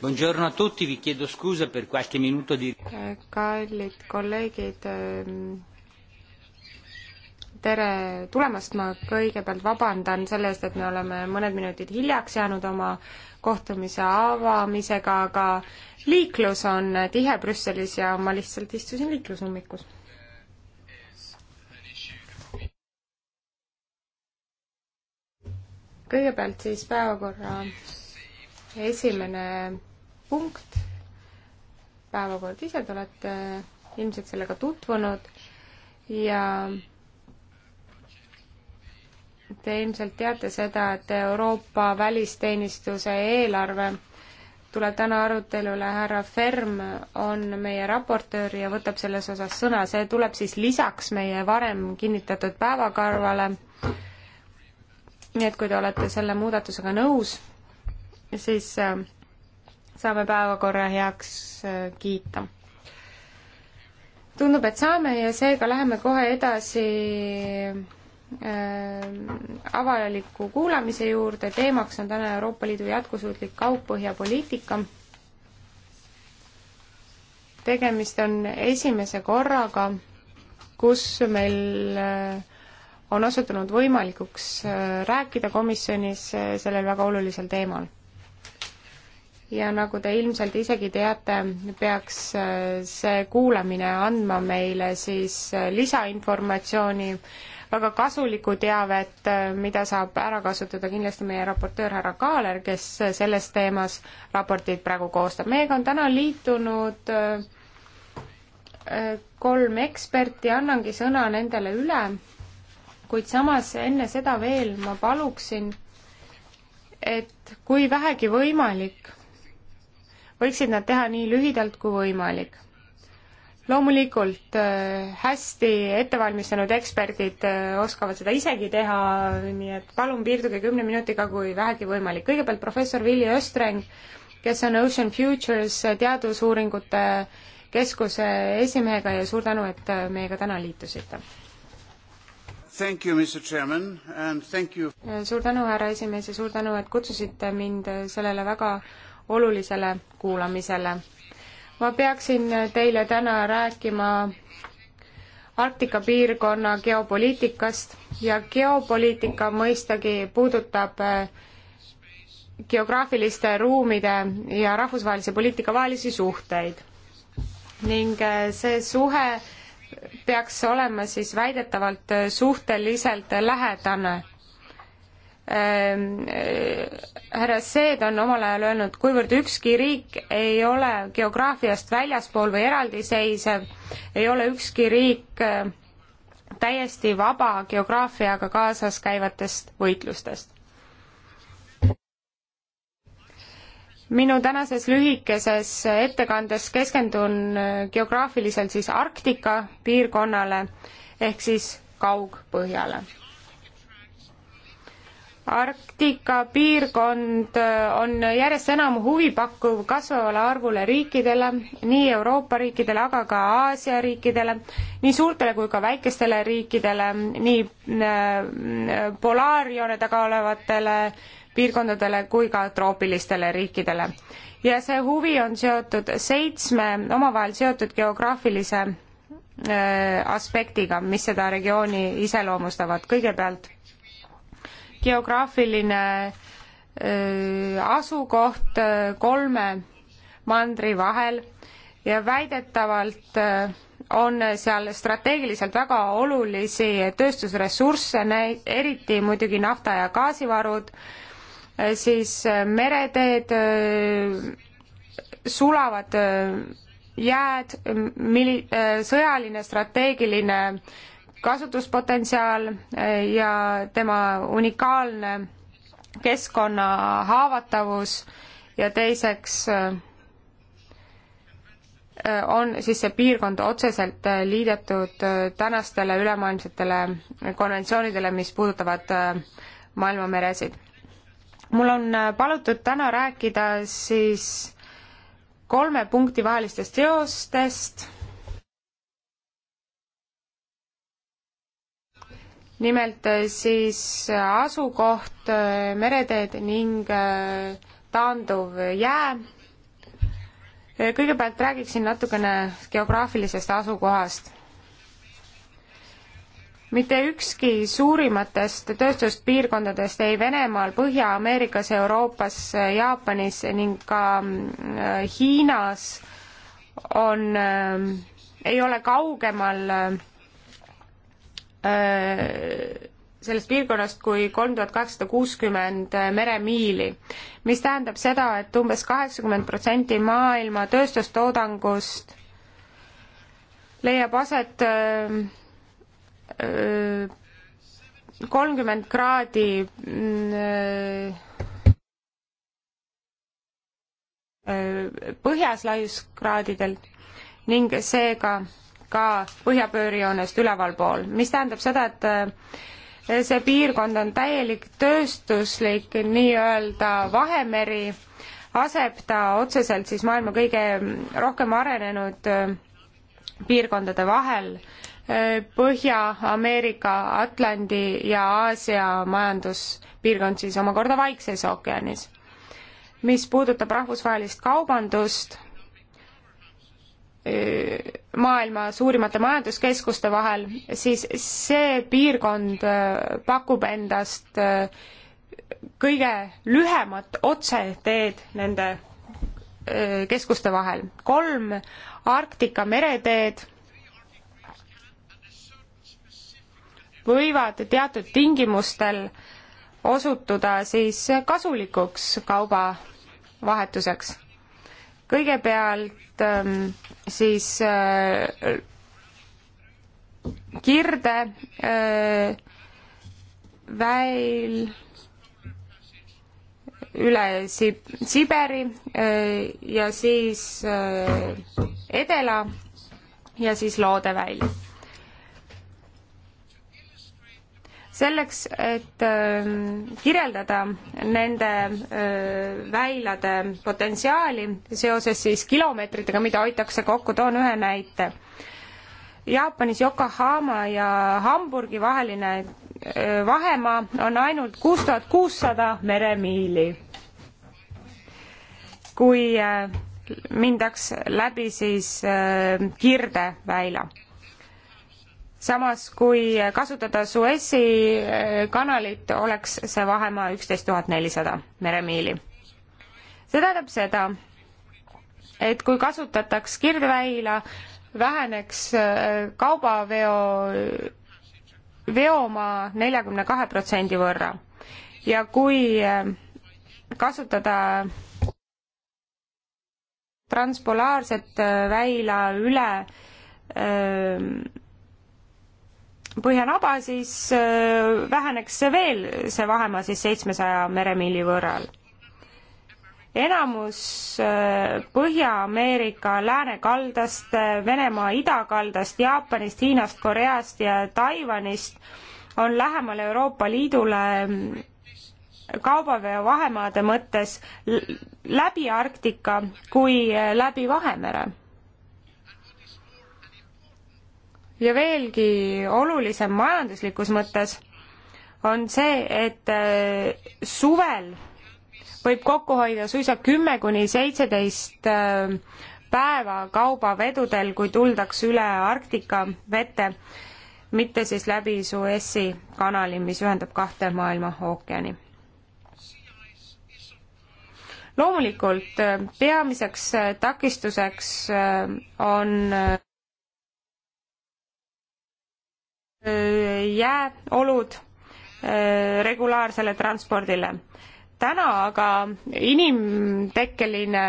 Buongiorno a tutti, vi chiedo scusa per qualche minuto di... Eh, kallid kolleegid, ehm, tere tulemast, ma kõigepealt vabandan selle eest, et me oleme mõned minutid hiljaks jäänud oma kohtumise avamisega, aga liiklus on tihe Brüsselis ja ma lihtsalt istusin liiklusummikus kõigepealt siis päevakorra esimene punkt, päevakord ise, te olete ilmselt sellega tutvunud ja te ilmselt teate seda, et Euroopa välisteenistuse eelarve tuleb täna arutelule, härra Ferm on meie raportöör ja võtab selles osas sõna, see tuleb siis lisaks meie varem kinnitatud päevakarvale. nii et kui te olete selle muudatusega nõus, siis äh, saame päevakorra heaks äh, kiita. tundub, et saame ja seega läheme kohe edasi äh, avaliku kuulamise juurde, teemaks on täna Euroopa Liidu jätkusuutlik kaugpõhjapoliitika. tegemist on esimese korraga, kus meil äh, on osutunud võimalikuks rääkida komisjonis sellel väga olulisel teemal ja nagu te ilmselt isegi teate, peaks äh, see kuulamine andma meile siis äh, lisainformatsiooni, väga kasulikku teavet, äh, mida saab ära kasutada kindlasti meie raportöör härra Kaaler, kes selles teemas raportit praegu koostab. meiega on täna liitunud kolm eksperti, annangi sõna nendele üle, kuid samas enne seda veel ma paluksin, et kui vähegi võimalik võiksid nad teha nii lühidalt kui võimalik. loomulikult äh, hästi ettevalmistanud eksperdid äh, oskavad seda isegi teha, nii et palun piirduge kümne minutiga, kui vähegi võimalik. kõigepealt professor Willie Östreng, kes on Ocean Futures teadusuuringute keskuse esimehega ja suur tänu, et äh, meiega täna liitusite. suur tänu, härra esimees ja suur tänu, et kutsusite mind sellele väga olulisele kuulamisele. ma peaksin teile täna rääkima Arktika piirkonna geopoliitikast ja geopoliitika mõistagi puudutab äh, geograafiliste ruumide ja rahvusvahelise poliitika vahelisi suhteid. ning äh, see suhe peaks olema siis väidetavalt suhteliselt lähedane Ähm, äh, härra Seed on omal ajal öelnud, kuivõrd ükski riik ei ole geograafiast väljaspool või eraldiseisev, ei ole ükski riik äh, täiesti vaba geograafiaga kaasas käivatest võitlustest. minu tänases lühikeses ettekandes keskendun äh, geograafiliselt siis Arktika piirkonnale ehk siis Kaugpõhjale Arktika piirkond äh, on järjest enam huvipakkuv kasvavale arvule riikidele, nii Euroopa riikidele, aga ka Aasia riikidele, nii suurtele kui ka väikestele riikidele, nii äh, polaarjoone taga olevatele piirkondadele kui ka troopilistele riikidele. ja see huvi on seotud seitsme omavahel seotud geograafilise äh, aspektiga, mis seda regiooni iseloomustavad. kõigepealt geograafiline asukoht kolme mandri vahel ja väidetavalt on seal strateegiliselt väga olulisi tööstusressursse, eriti muidugi nafta- ja gaasivarud, siis mereteed, sulavad jääd, mili-, sõjaline strateegiline äh, kasutuspotentsiaal eh, ja tema unikaalne keskkonna haavatavus ja teiseks eh, on siis see piirkond otseselt eh, liidetud tänastele ülemaailmsetele konventsioonidele, mis puudutavad maailmameresid. mul on palutud täna rääkida siis kolme punkti vahelistest seostest nimelt äh, siis äh, asukoht, äh, mereteed ning taanduv jää. kõigepealt räägiksin natukene geograafilisest asukohast. mitte ükski suurimatest tööstuspiirkondadest ei Venemaal, Põhja-Ameerikas, Euroopas, Jaapanis ning ka mm, Hiinas on, ähm, ei ole kaugemal Äh, sellest piirkonnast kui kolm tuhat kaheksasada kuuskümmend äh, meremiili, mis tähendab seda, et umbes kaheksakümmend protsenti maailma tööstustoodangust leiab aset äh, kolmkümmend kraadi mm, põhjas laiuskraadidel ning seega ka põhjapöörijoonest ülevalpool, mis tähendab seda, et eh, see piirkond on täielik tööstuslik nii-öelda Vahemeri, aseb ta otseselt siis maailma kõige rohkem arenenud eh, piirkondade vahel, eh, Põhja-Ameerika, Atlandi ja Aasia majanduspiirkond siis omakorda Vaikses ookeanis mis puudutab rahvusvahelist kaubandust, maailma suurimate majanduskeskuste vahel, siis see piirkond pakub endast kõige lühemat otseteed nende keskuste vahel. kolm Arktika mereteed võivad teatud tingimustel osutuda siis kasulikuks kaubavahetuseks kõigepealt ähm, siis äh, kirde äh, väil üle Sib-, Siberi äh, ja siis Edela ja siis Loodeväil selleks, et ähm, kirjeldada nende äh, väilade potentsiaali seoses siis kilomeetritega, mida hoitakse kokku, toon ühe näite. Jaapanis Yokohama ja Hamburgi vaheline äh, vahemaa on ainult kuus tuhat kuussada meremiili. kui äh, mindaks läbi siis kirdeväila samas kui kasutada Suessi eh, kanalit, oleks see vahemaa üksteist tuhat nelisada meremiili. see tähendab seda, et kui kasutataks Kirdeväila, väheneks eh, kaubaveo, veomaa neljakümne kahe protsendi võrra ja kui eh, kasutada transpolaarset väila üle öö, põhjanaba, siis äh, väheneks see veel, see vahemaa siis seitsmesaja meremiili võrral. enamus äh, Põhja-Ameerika läänekaldast, äh, Venemaa idakaldast, Jaapanist, Hiinast, Koreast ja Taiwanist on lähemal Euroopa Liidule mm, kaubaveo vahemaade mõttes läbi Arktika kui läbi Vahemere ja veelgi olulisem majanduslikus mõttes on see, et äh, suvel võib kokku hoida suisa kümme kuni seitseteist äh, päeva kaubavedudel, kui tuldakse üle Arktika vette, mitte siis läbi Suessi kanali, mis ühendab kahte maailma ookeani. loomulikult äh, peamiseks takistuseks on jääolud äh, regulaarsele transpordile. täna aga inimtekkeline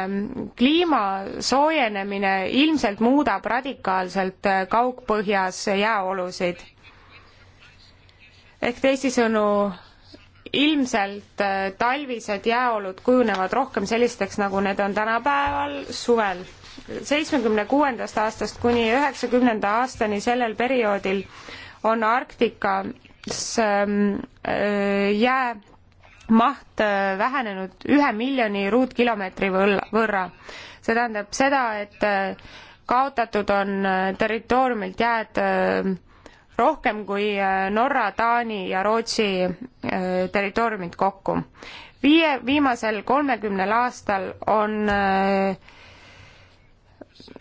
kliima soojenemine ilmselt muudab radikaalselt äh, kaugpõhjas jääolusid. ehk teisisõnu, ilmselt äh, talvised jääolud kujunevad rohkem sellisteks, nagu need on tänapäeval suvel seitsmekümne kuuendast aastast kuni üheksakümnenda aastani sellel perioodil on Arktikas ähm, äh, jää maht äh, vähenenud ühe miljoni ruutkilomeetri võrra. see tähendab seda, et äh, kaotatud on territooriumilt jääd rohkem kui Norra, Taani ja Rootsi territooriumid kokku. viie, viimasel kolmekümnel aastal on äh,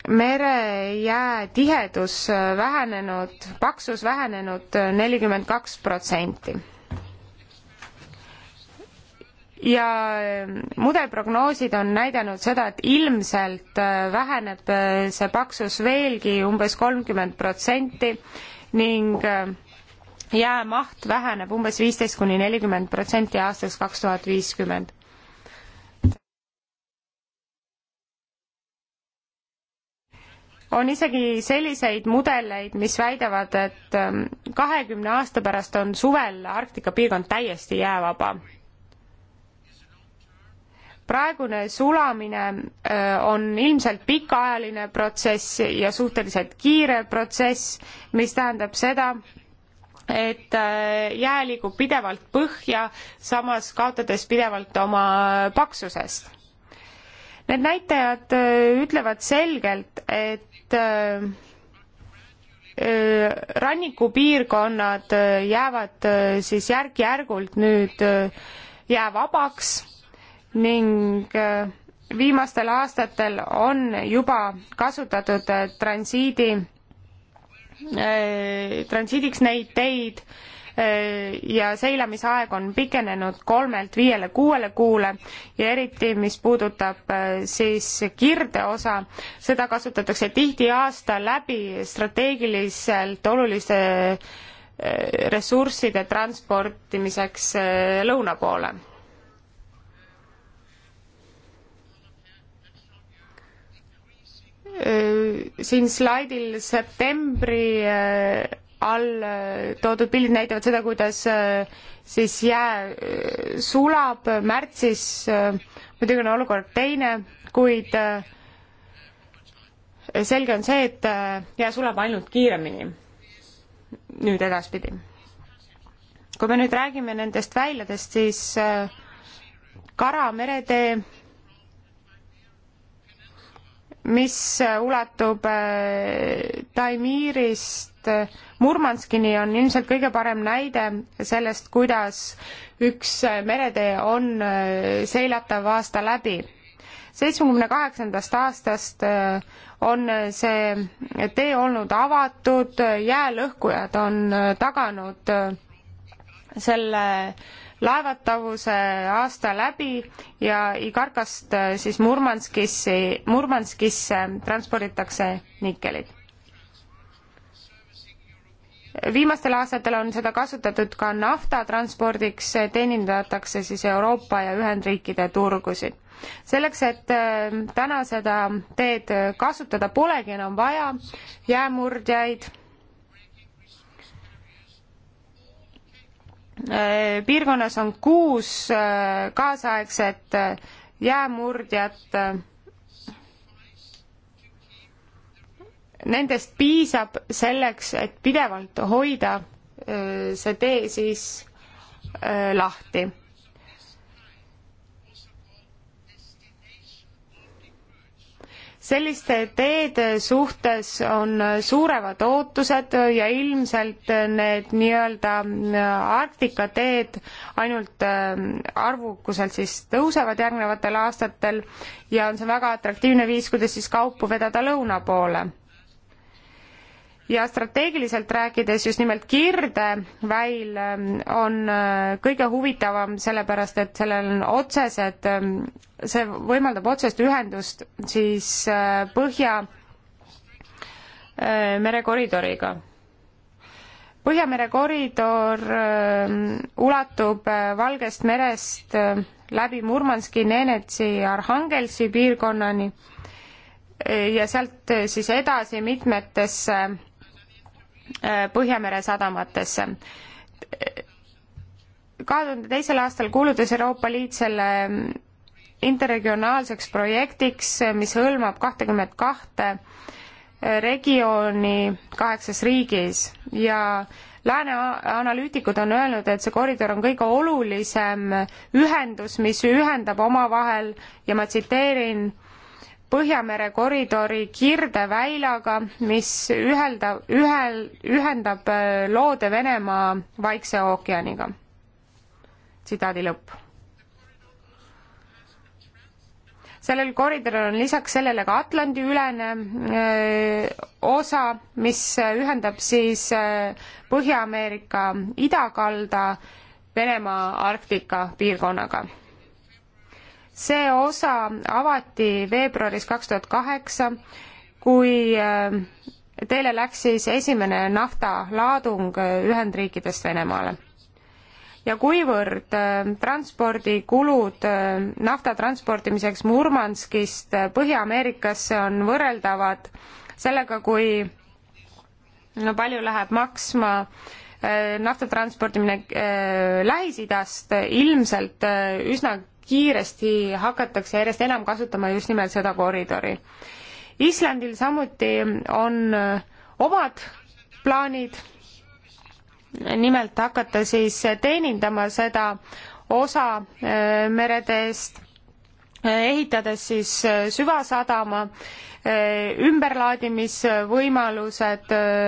merejää tihedus vähenenud, paksus vähenenud nelikümmend kaks protsenti. ja mudelprognoosid on näidanud seda, et ilmselt väheneb see paksus veelgi umbes kolmkümmend protsenti ning jäämaht väheneb umbes viisteist kuni nelikümmend protsenti aastaks kaks tuhat viiskümmend on isegi selliseid mudeleid, mis väidavad, et ähm, kahekümne aasta pärast on suvel Arktika piirkond täiesti jäävaba. praegune sulamine äh, on ilmselt pikaajaline protsess ja suhteliselt kiire protsess, mis tähendab seda, et äh, jää liigub pidevalt põhja, samas kaotades pidevalt oma äh, paksusest Need näitajad äh, ütlevad selgelt, et äh, äh, rannikupiirkonnad jäävad siis järk-järgult nüüd jäävabaks ning viimastel aastatel on juba kasutatud transiidi, transiidiks neid teid Äh, ja seilamisaeg on pikenenud kolmelt viiele kuuele kuule ja eriti, mis puudutab äh, siis kirdeosa, seda kasutatakse tihti aasta läbi strateegiliselt oluliste äh, ressursside transportimiseks lõuna poole siin slaidil septembri all äh, toodud pildid näitavad seda, kuidas äh, siis jää äh, sulab, märtsis muidugi on olukord teine, kuid selge on see, et jää sulab ainult kiiremini nüüd edaspidi. kui me nüüd räägime nendest väljadest, siis Kara meretee mis ulatub äh, Taimiirist Murmanskini, on ilmselt kõige parem näide sellest, kuidas üks äh, meretee on äh, seilatav aasta läbi. seitsmekümne kaheksandast aastast on see tee olnud avatud, jäälõhkujad on taganud selle laevatavuse aasta läbi ja Igarkast äh, siis Murmanskisse, Murmanskisse transporditakse nikkelit viimastel aastatel on seda kasutatud ka naftatranspordiks, teenindatakse siis Euroopa ja Ühendriikide turgusid. selleks, et äh, täna seda teed äh, kasutada polegi enam vaja jäämurdjaid Äh, piirkonnas on kuus äh, kaasaegset äh, jäämurdjat. Nendest piisab selleks, et pidevalt hoida see tee siis lahti selliste teede suhtes on suuremad ootused ja ilmselt need nii-öelda äh, Arktika teed ainult äh, arvukuselt siis tõusevad järgnevatel aastatel ja on see väga atraktiivne viis, kuidas siis kaupu vedada lõuna poole ja strateegiliselt rääkides just nimelt kirdeväil ähm, on äh, kõige huvitavam, sellepärast et sellel on otsesed, ähm, see võimaldab otsest ühendust siis äh, Põhja äh, merekoridoriga. Põhjamere koridor ähm, ulatub Valgest merest läbi Murmanski, Nenetsi ja Arhangelsi piirkonnani ja sealt siis edasi mitmetesse Äh, Põhjamere sadamatesse. kahe tuhande teisel aastal kuulutas Euroopa Liit selle interregionaalseks projektiks, mis hõlmab kahtekümmet kahte regiooni kaheksas riigis ja Lääne analüütikud on öelnud, et see koridor on kõige olulisem ühendus, mis ühendab omavahel ja ma tsiteerin äh, Põhjamere koridori kirdeväilaga, mis ühelda, ühel, ühendab äh, loode Venemaa Vaikse ookeaniga. tsitaadi lõpp. sellel koridoril on lisaks sellele ka Atlandi-ülene äh, osa, mis äh, ühendab siis Põhja-Ameerika idakalda Venemaa Arktika piirkonnaga see osa avati veebruaris kaks tuhat kaheksa, kui äh, teile läks siis esimene naftalaadung äh, Ühendriikidest Venemaale. ja kuivõrd äh, transpordikulud nafta transportimiseks Murmanskist Põhja-Ameerikasse on võrreldavad sellega, kui no palju läheb maksma nafta transportimine Lähis-Idast, ilmselt üsna kiiresti hakatakse järjest enam kasutama just nimelt seda koridori. Islandil samuti on äh, omad plaanid, nimelt hakata siis teenindama seda osa äh, meredest, äh, ehitades siis süvasadama, ümberlaadimisvõimalused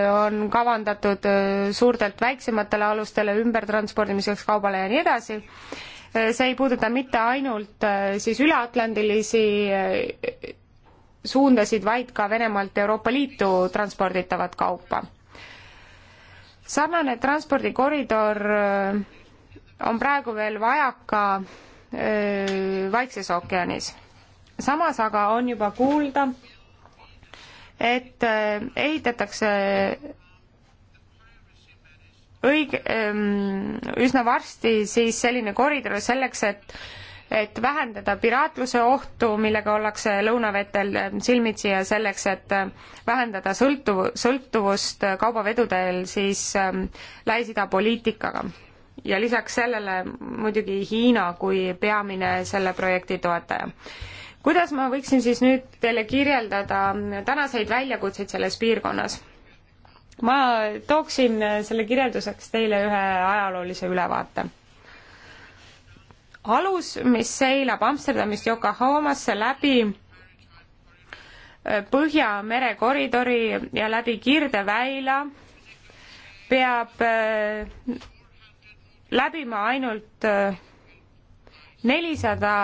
on kavandatud suurtelt väiksematele alustele ümbertranspordimiseks kaubale ja nii edasi see ei puuduta mitte ainult äh, siis üleatlandilisi äh, suundasid, vaid ka Venemaalt Euroopa Liitu transporditavat kaupa. sarnane transpordikoridor äh, on praegu veel vajaka Vaikses ookeanis. samas aga on juba kuulda, et ehitatakse õige, ehm, üsna varsti siis selline koridor selleks, et et vähendada piraatluse ohtu, millega ollakse lõunavetel ehm, silmitsi ja selleks, et ehm, vähendada sõltuv, sõltuvust kaubavedudel siis Lähis-Ida poliitikaga. ja lisaks sellele muidugi Hiina kui peamine selle projekti toetaja kuidas ma võiksin siis nüüd teile kirjeldada tänaseid väljakutseid selles piirkonnas? ma tooksin selle kirjelduseks teile ühe ajaloolise ülevaate. alus, mis seilab Amsterdamist Yokohamasse läbi äh, Põhjamere koridori ja läbi Kirdeväila, peab äh, läbima ainult äh, nelisada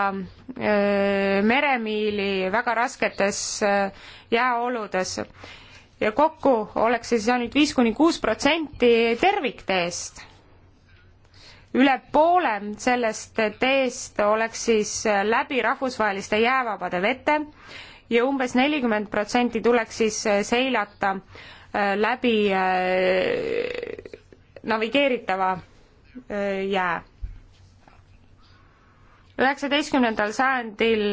meremiili väga rasketes jääoludes ja kokku oleks see siis ainult viis kuni kuus protsenti tervikteest. üle poole sellest teest oleks siis läbi rahvusvaheliste jäävabade vete ja umbes nelikümmend protsenti tuleks siis seilata äh, läbi äh, navigeeritava äh, jää. üheksateistkümnendal sajandil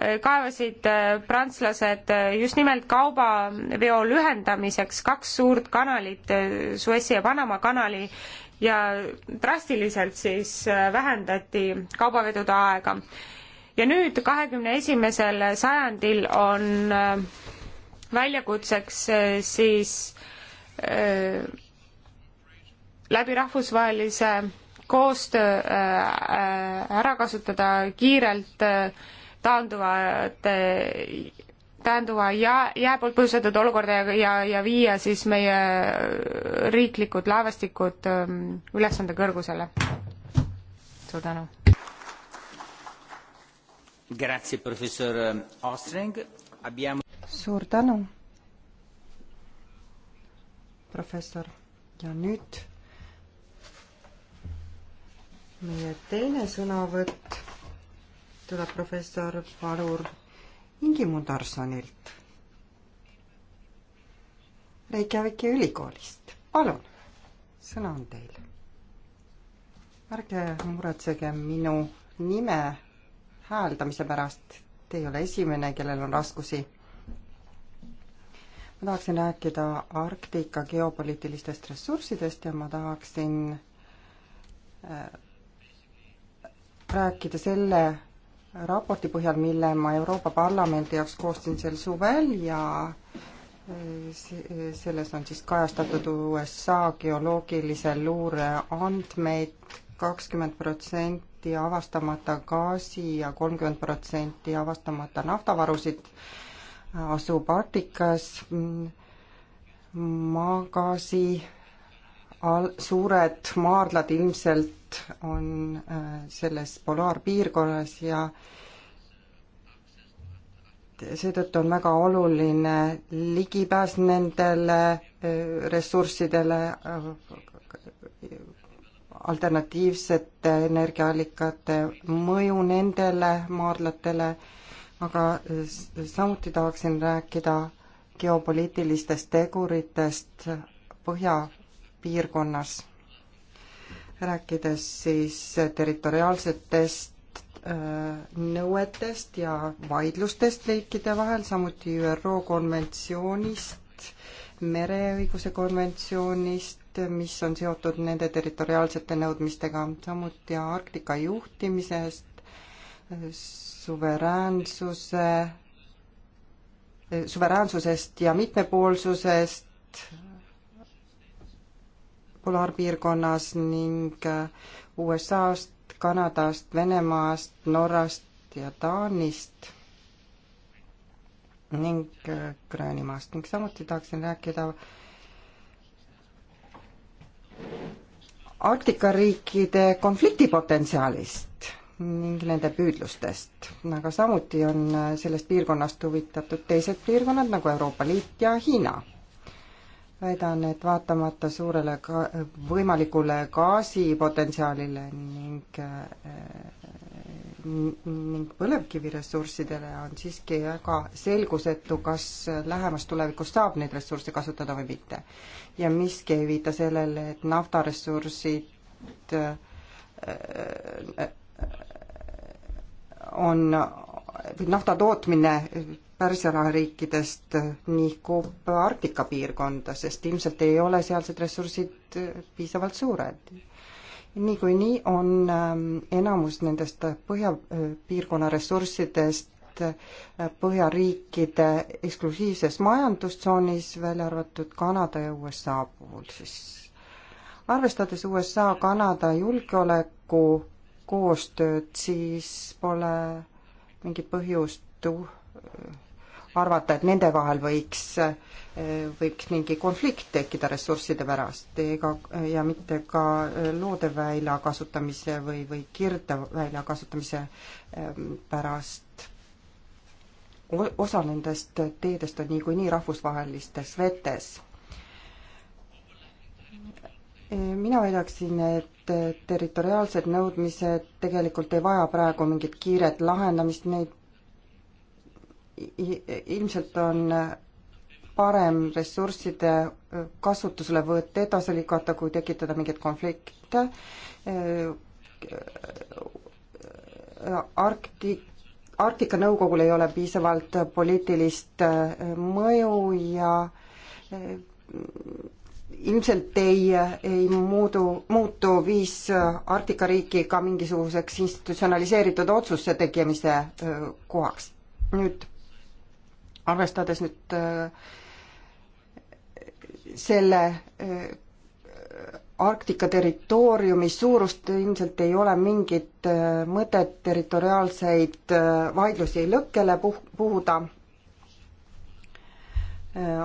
kaevasid äh, prantslased äh, just nimelt kaubaveo lühendamiseks kaks suurt kanalit, äh, Suessi ja Panama kanali, ja drastiliselt siis vähendati kaubavedude aega. ja nüüd, kahekümne esimesel sajandil on väljakutseks siis äh, läbi rahvusvahelise koostöö äh, ära kasutada kiirelt äh, taanduvate tähenduva jää, jää poolt põhjustatud olukorda ja, ja, ja viia siis meie riiklikud laevastikud ähm, ülesande kõrgusele. suur tänu. Grazie, professor ähm, Ostring. Abbiamo... suur tänu, professor. ja nüüd meie teine sõnavõtt tuleb professor Valur Ingimundarsonilt Reykjaviki ülikoolist. palun, sõna on teil. ärge muretsege minu nime hääldamise pärast, te ei ole esimene, kellel on raskusi. ma tahaksin rääkida Arktika geopoliitilistest ressurssidest ja ma tahaksin äh, rääkida selle raporti põhjal, mille ma Euroopa Parlamendi jaoks koostasin sel suvel ja eh, selles on siis kajastatud USA geoloogilise luure andmeid, kakskümmend protsenti avastamata gaasi ja kolmkümmend protsenti avastamata naftavarusid eh, asub Arktikas mm, maagaasi al-, suured maardlad ilmselt on äh, selles polaarpiirkonnas ja seetõttu on väga oluline ligipääs nendele äh, ressurssidele, äh, alternatiivsete energiaallikate mõju nendele maardlatele, aga samuti tahaksin rääkida geopoliitilistest teguritest Põhja piirkonnas. rääkides siis territoriaalsetest äh, nõuetest ja vaidlustest riikide vahel, samuti ÜRO konventsioonist, mereõiguse konventsioonist, mis on seotud nende territoriaalsete nõudmistega, samuti Arktika juhtimisest, suveräänsuse, suveräänsusest ja mitmepoolsusest, polaarpiirkonnas ning äh, USA-st, Kanadast, Venemaast, Norrast ja Taanist ning äh, Gröönimaast ning samuti tahaksin rääkida Arktika riikide konfliktipotentsiaalist ning nende püüdlustest, aga samuti on äh, sellest piirkonnast huvitatud teised piirkonnad nagu Euroopa Liit ja Hiina väidan, et vaatamata suurele ka-, võimalikule gaasipotentsiaalile ning äh, ning põlevkiviressurssidele on siiski väga selgusetu, kas lähemas tulevikus saab neid ressursse kasutada või mitte. ja miski ei viita sellele, et naftaressursid äh, äh, on, või nafta tootmine Pärsiala riikidest nihkub Arktika piirkonda, sest ilmselt ei ole sealsed ressursid piisavalt suured. niikuinii on ähm, enamus nendest põhjapiirkonna äh, ressurssidest äh, põhjariikide eksklusiivses majandustsoonis, välja arvatud Kanada ja USA puhul siis. arvestades USA-Kanada julgeoleku koostööd, siis pole mingit põhjust äh, arvata, et nende vahel võiks, võiks mingi konflikt tekkida ressursside pärast ega, ja mitte ka loodeväila kasutamise või, või kirdeväila kasutamise ehm, pärast. osa nendest teedest on niikuinii rahvusvahelistes vetes. mina väidaksin, et territoriaalsed nõudmised tegelikult ei vaja praegu mingit kiiret lahendamist, neid ilmselt on parem ressursside kasutuselevõtt edasi lükata, kui tekitada mingeid konflikte. Arkti-, Arktika Nõukogul ei ole piisavalt poliitilist mõju ja ilmselt ei, ei muudu, muutu viis Arktika riiki ka mingisuguseks institutsionaliseeritud otsuste tegemise kohaks. nüüd arvestades nüüd äh, selle äh, Arktika territooriumi suurust ilmselt ei ole mingit äh, mõtet territoriaalseid vaidlusi lõkkele puh-, puhuda.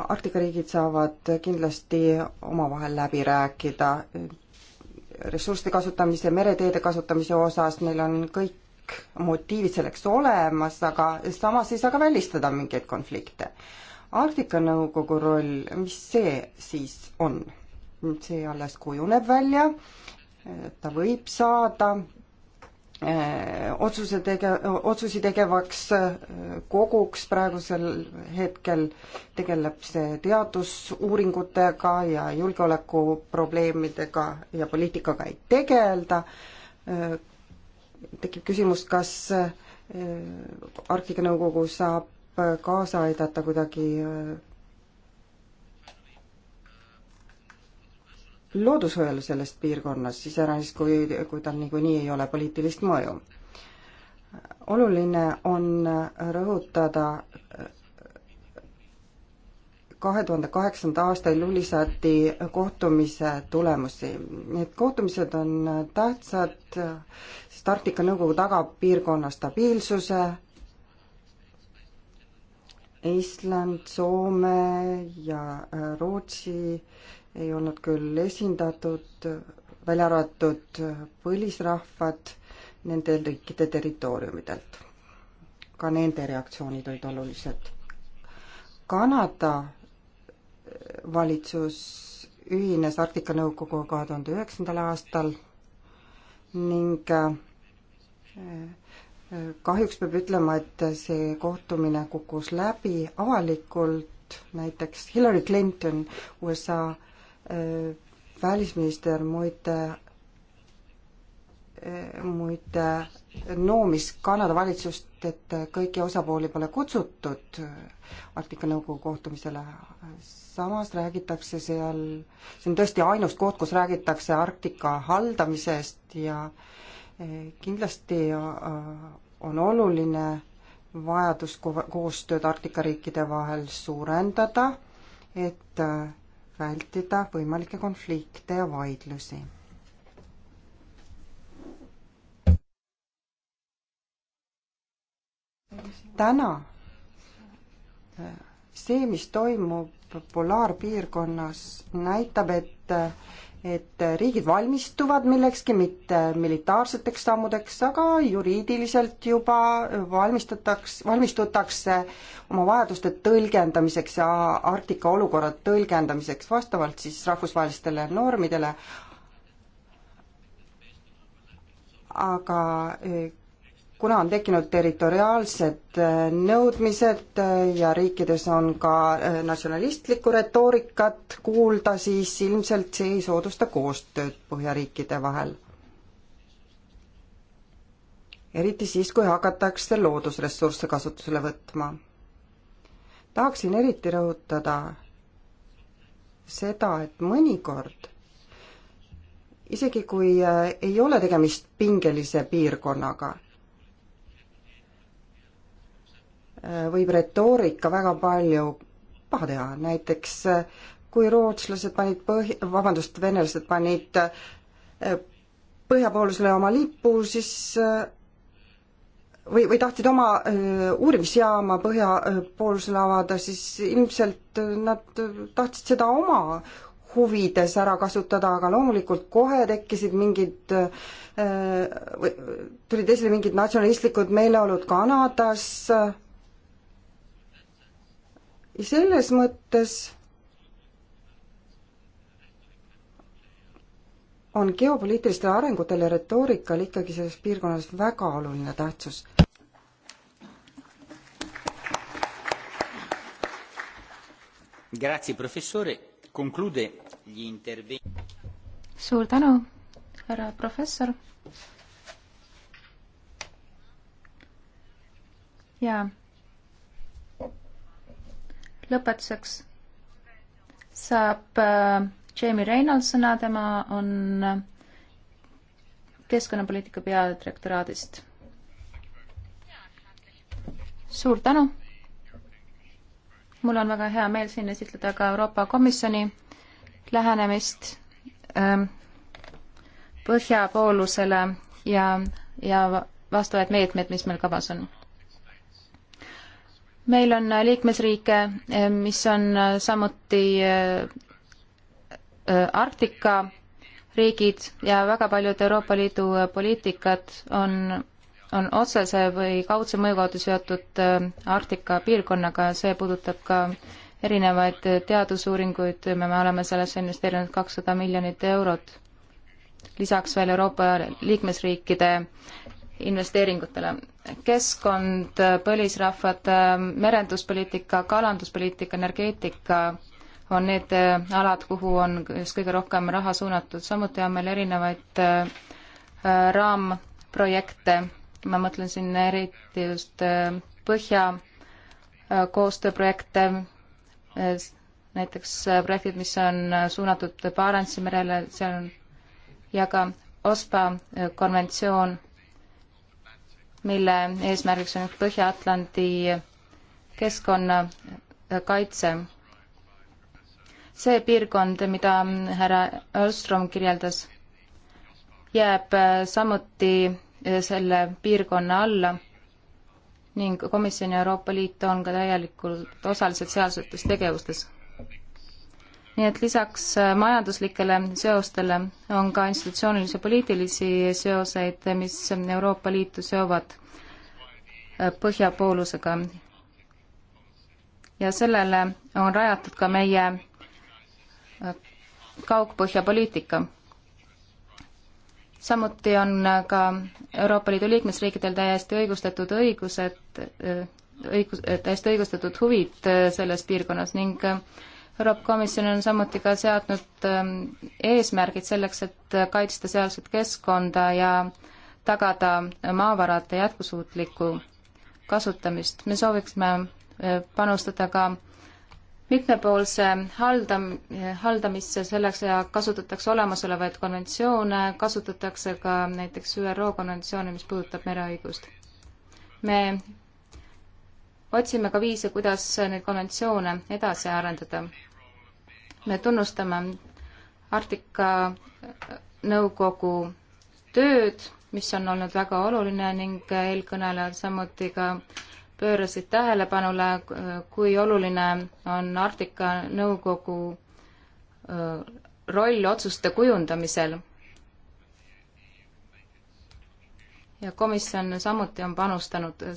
Arktika riigid saavad kindlasti omavahel läbi rääkida ressursside kasutamise, mereteede kasutamise osas, meil on kõik kõik motiivid selleks olemas, aga samas ei saa ka välistada mingeid konflikte. Arktika Nõukogu roll, mis see siis on? see alles kujuneb välja, ta võib saada äh, otsuse tege-, otsusi tegevaks äh, koguks praegusel hetkel tegeleb see teadusuuringutega ja julgeolekuprobleemidega ja poliitikaga ei tegelda. Äh, tekib küsimus, kas äh, Arktika Nõukogu saab kaasa aidata kuidagi äh, loodushoiale selles piirkonnas, iseäranis kui, kui tal niikuinii ei ole poliitilist mõju. oluline on rõhutada kahe tuhande kaheksanda aasta Lulisati kohtumise tulemusi. Need kohtumised on tähtsad, sest Arktika Nõukogu tagab piirkonna stabiilsuse, Island, Soome ja äh, Rootsi ei olnud küll esindatud, välja arvatud põlisrahvad nende riikide territooriumidelt. ka nende reaktsioonid olid olulised. Kanada valitsus ühines Arktika Nõukoguga kahe tuhande üheksandal aastal ning äh, äh, kahjuks peab ütlema, et see kohtumine kukkus läbi avalikult, näiteks Hillary Clinton, USA äh, välisminister muide, muide noomis Kanada valitsust, et kõiki osapooli pole kutsutud Arktika Nõukogu kohtumisele. samas räägitakse seal, see on tõesti ainus koht, kus räägitakse Arktika haldamisest ja eh, kindlasti eh, on oluline vajadus koostööd Arktika riikide vahel suurendada, et eh, vältida võimalikke konflikte ja vaidlusi täna see, mis toimub polaarpiirkonnas, näitab, et et riigid valmistuvad millekski, mitte militaarseteks sammudeks, aga juriidiliselt juba valmistataks, valmistutakse oma vajaduste tõlgendamiseks ja Arktika olukorra tõlgendamiseks vastavalt siis rahvusvahelistele normidele. aga kuna on tekkinud territoriaalsed äh, nõudmised äh, ja riikides on ka äh, natsionalistlikku retoorikat kuulda, siis ilmselt see ei soodusta koostööd Põhjariikide vahel. eriti siis, kui hakatakse loodusressursse kasutusele võtma. tahaksin eriti rõhutada seda, et mõnikord isegi kui ei ole tegemist pingelise piirkonnaga Äh, võib retoorika väga palju paha teha, näiteks äh, kui rootslased panid põhi, vabandust, venelased panid äh, põhjapoolusele oma lipu, siis või, või tahtsid oma uurimisjaama põhjapoolusele avada, siis ilmselt nad tahtsid seda oma huvides ära kasutada, aga loomulikult kohe tekkisid mingid, tulid esile mingid natsionalistlikud meeleolud Kanadas ka, selles mõttes on geopoliitilistele arengutele retoorikal ikkagi selles piirkonnas väga oluline tähtsus. suur tänu, härra professor. ja lõpetuseks saab äh, Jamie Reynolds sõna, tema on äh, keskkonnapoliitika peadirektoraadist. suur tänu! mul on väga hea meel siin esitleda ka Euroopa Komisjoni lähenemist ähm, põhjapoolusele ja, ja vastavaid meetmeid, mis meil kavas on meil on äh, liikmesriike, äh, mis on äh, samuti Arktika riigid ja väga paljud Euroopa Liidu poliitikad on, on otsese või kaudse mõju kaudu seotud Arktika piirkonnaga ja see puudutab ka erinevaid teadusuuringuid, me oleme sellesse investeerinud kakssada miljonit eurot. lisaks veel Euroopa liikmesriikide investeeringutele. keskkond, põlisrahvad, merenduspoliitika, kalanduspoliitika, energeetika on need alad, kuhu on just kõige rohkem raha suunatud, samuti on meil erinevaid äh, raamprojekte, ma mõtlen siin eriti just äh, Põhja äh, koostööprojekte, näiteks projektid, mis on suunatud Barentsi merele, seal on ja ka OSPA konventsioon mille eesmärgiks on Põhja-Atlandi keskkonnakaitse. see piirkond, mida härra Ölstrom kirjeldas, jääb samuti selle piirkonna alla ning Komisjon ja Euroopa Liit on ka täielikult osalised sealsetes tegevustes nii et lisaks äh, majanduslikele seostele on ka institutsioonilisi poliitilisi seoseid, mis Euroopa Liitu seovad äh, põhjapoolusega. ja sellele on rajatud ka meie äh, kaugpõhjapoliitika. samuti on ka Euroopa Liidu liikmesriikidel täiesti õigustatud õigused, õigus, täiesti õigustatud huvid selles piirkonnas ning äh, Euroopa Komisjon on samuti ka seadnud ähm, eesmärgid selleks, et kaitsta sealset keskkonda ja tagada maavarade jätkusuutlikku kasutamist. me sooviksime äh, panustada ka mitmepoolse haldam-, haldamisse, selleks kasutatakse olemasolevaid konventsioone, kasutatakse ka näiteks ÜRO konventsioone, mis puudutab mereõigust. me otsime ka viise, kuidas neid konventsioone edasi arendada me tunnustame Arktika Nõukogu tööd, mis on olnud väga oluline ning eelkõnelejad samuti ka pöörasid tähelepanule, kui oluline on Arktika Nõukogu roll otsuste kujundamisel. ja komisjon samuti on panustanud